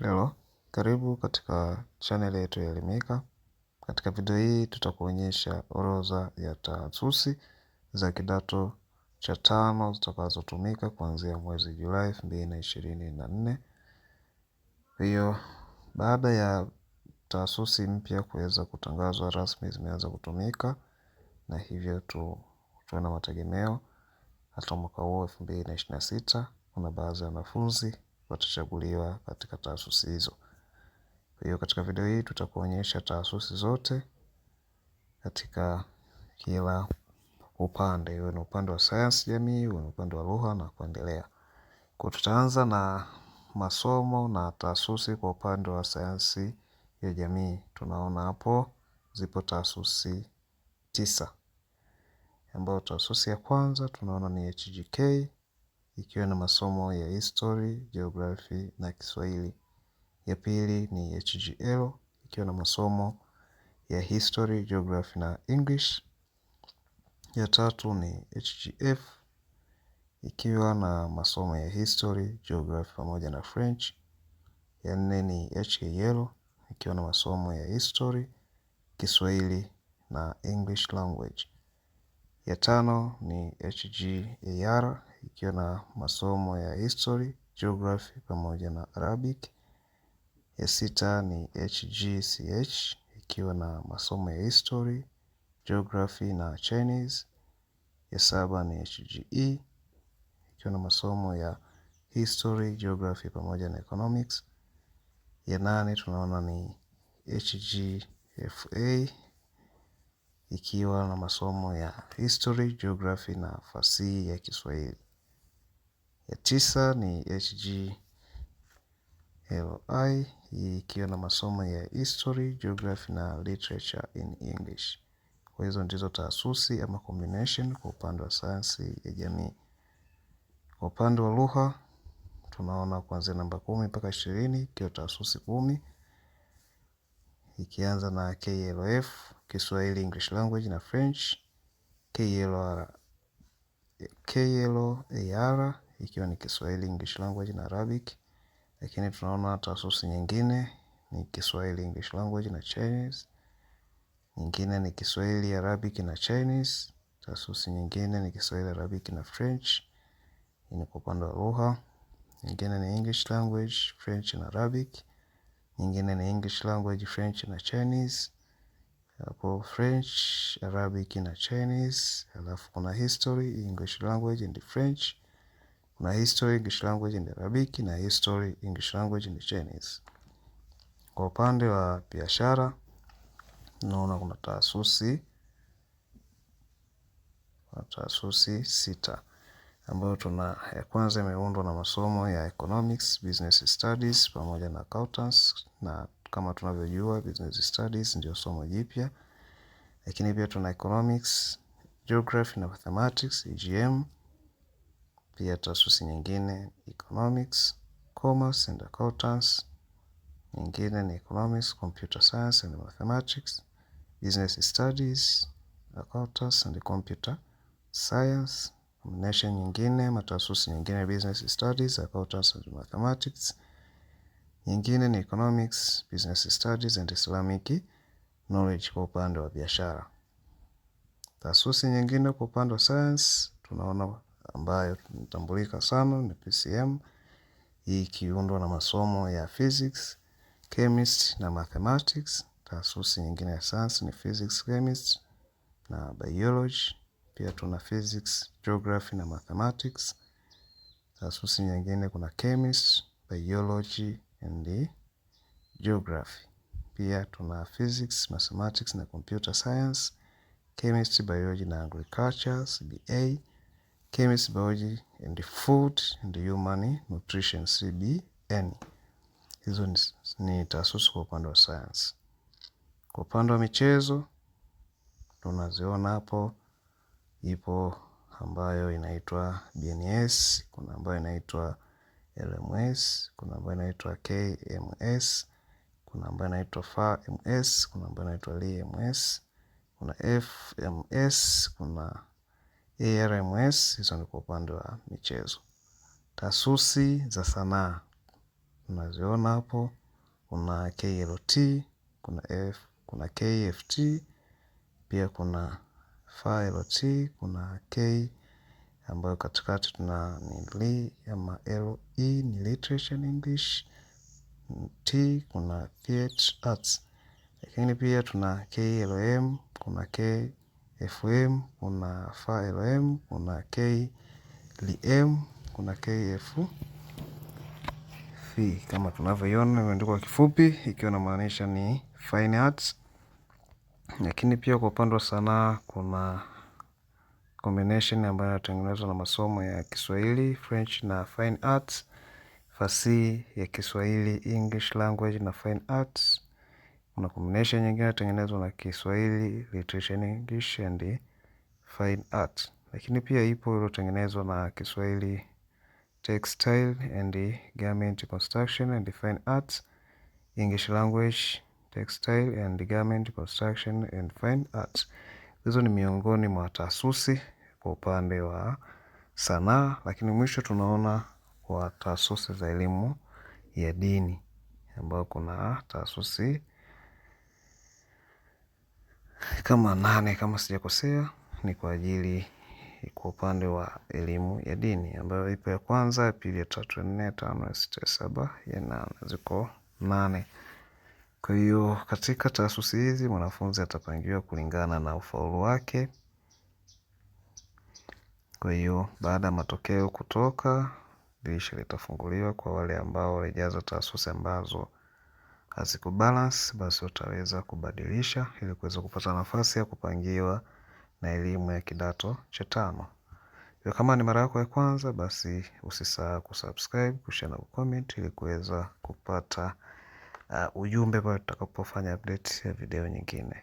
Hello, karibu katika channel yetu ya Elimika. Katika video hii tutakuonyesha orodha ya taasisi za kidato cha tano zitakazotumika kuanzia mwezi Julai elfu mbili na ishirini na nne. Hiyo baada ya taasisi mpya kuweza kutangazwa rasmi zimeanza kutumika, na hivyo tu tuna mategemeo hata mwaka huo elfu mbili na ishirini na sita kuna baadhi ya wanafunzi watachaguliwa katika taasisi hizo. Kwa hiyo katika video hii tutakuonyesha taasisi zote katika kila upande, uwe ni upande wa sayansi jamii, uwe ni upande wa lugha na kuendelea. Kwa tutaanza na masomo na taasisi kwa upande wa sayansi ya jamii. Tunaona hapo zipo taasisi tisa, ambayo taasisi ya kwanza tunaona ni HGK ikiwa na masomo ya history, geography na kiswahili. Ya pili ni HGL ikiwa na masomo ya history, geography na English. Ya tatu ni HGF ikiwa na masomo ya history, geography pamoja na French. Ya nne ni HKL ikiwa na masomo ya history, kiswahili na English language. Ya tano ni HGAR ikiwa na masomo ya History, Geography pamoja na Arabic. Ya sita ni HGCH ikiwa na masomo ya History, Geography na Chinese. Ya saba ni HGE ikiwa na masomo ya History, Geography pamoja na Economics. Ya nane tunaona ni HGFA ikiwa na masomo ya History, Geography na fasihi ya Kiswahili ya tisa ni HGLI ikiwa na masomo ya History, Geography na Literature in English. Kwa hizo ndizo taasusi ama combination kwa upande wa sayansi ya jamii. Kwa upande wa lugha tunaona kuanzia namba kumi mpaka ishirini ikiwa taasusi kumi ikianza na KLF Kiswahili, English Language na French, KLAR ikiwa ni Kiswahili, English language na Arabic. Lakini tunaona taasisi nyingine ni Kiswahili, English language na Chinese. Nyingine ni Kiswahili, Arabic na Chinese. Taasisi nyingine ni Kiswahili, Arabic na French. Ni kwa upande wa lugha. Nyingine ni English language, French na Arabic. Nyingine ni English language, French na Chinese. Hapo French, Arabic na Chinese. Alafu kuna history, English language and French. Kuna history English language ni Arabic na history English language ni Chinese. Kwa upande wa biashara, naona kuna taasusi taasisi sita ambayo tuna ya kwanza imeundwa na masomo ya economics, business studies pamoja na accountants, na kama tunavyojua business studies ndio somo jipya, lakini pia tuna economics, geography na mathematics, EGM pia tasusi nyingine economics, commerce and accountants. Nyingine ni economics, computer science and mathematics, business studies, accountants and computer science. Combination nyingine, matasusi nyingine business studies, accountants and mathematics. Nyingine ni economics, business studies and Islamic knowledge kwa upande wa biashara. Tasusi nyingine kwa upande wa science tunaona ambayo tunatambulika sana ni PCM, hii ikiundwa na masomo ya physics, chemistry na mathematics. Taasisi nyingine ya sayansi ni physics, chemistry na biology. Pia tuna physics, geography na mathematics. Taasisi nyingine kuna chemistry, biology and geography. Pia tuna physics, mathematics na computer science, chemistry, biology na agriculture, CBA chemistry, biology and food and human nutrition CBN. Hizo ni, ni taasisi kwa upande wa science. Kwa upande wa michezo tunaziona hapo, ipo ambayo inaitwa BNS, kuna ambayo inaitwa LMS, kuna ambayo inaitwa KMS, kuna ambayo inaitwa FMS, kuna ambayo inaitwa LMS, kuna FMS, kuna ARMS, hizo ni kwa upande wa michezo. Tasusi za sanaa unaziona hapo, kuna KLT, kuna F, kuna KFT, pia kuna FLT, kuna K ambayo katikati tuna ni ama LE ni literature in English, T kuna theatre arts, lakini pia tuna KLM, kuna K FM, kuna FLM, kuna KLM, kuna fi kama tunavyoiona imeandikwa kifupi ikiwa inamaanisha ni fine arts. Lakini pia kwa upande wa sanaa kuna combination ambayo inatengenezwa na masomo ya Kiswahili, French na fine arts, fasihi ya Kiswahili, English language na fine arts kuna combination nyingine tengenezwa na Kiswahili Literature in English and Fine Art, lakini pia ipo iliyotengenezwa na Kiswahili Textile and Garment Construction and Fine Art, English Language Textile and Garment Construction and Fine Art. Hizo ni miongoni mwa taasisi kwa upande wa sanaa, lakini mwisho tunaona kwa taasisi za elimu ya dini ambayo kuna taasisi kama nane kama sijakosea ni kwa ajili kwa upande wa elimu ya dini ambayo ipo ya kwanza ya pili ya tatu ya nne ya tano ya sita ya saba ya nane ziko nane. Kwa hiyo katika taasisi hizi mwanafunzi atapangiwa kulingana na ufaulu wake. Kwa hiyo baada ya matokeo kutoka, dirisha litafunguliwa kwa wale ambao walijaza taasisi ambazo balance, basi utaweza kubadilisha ili kuweza kupata nafasi ya kupangiwa na elimu ya kidato cha tano. Hiyo kama ni mara yako ya kwanza, basi usisahau kusubscribe, kushare na kucomment ili kuweza kupata uh, ujumbe pale tutakapofanya update ya video nyingine.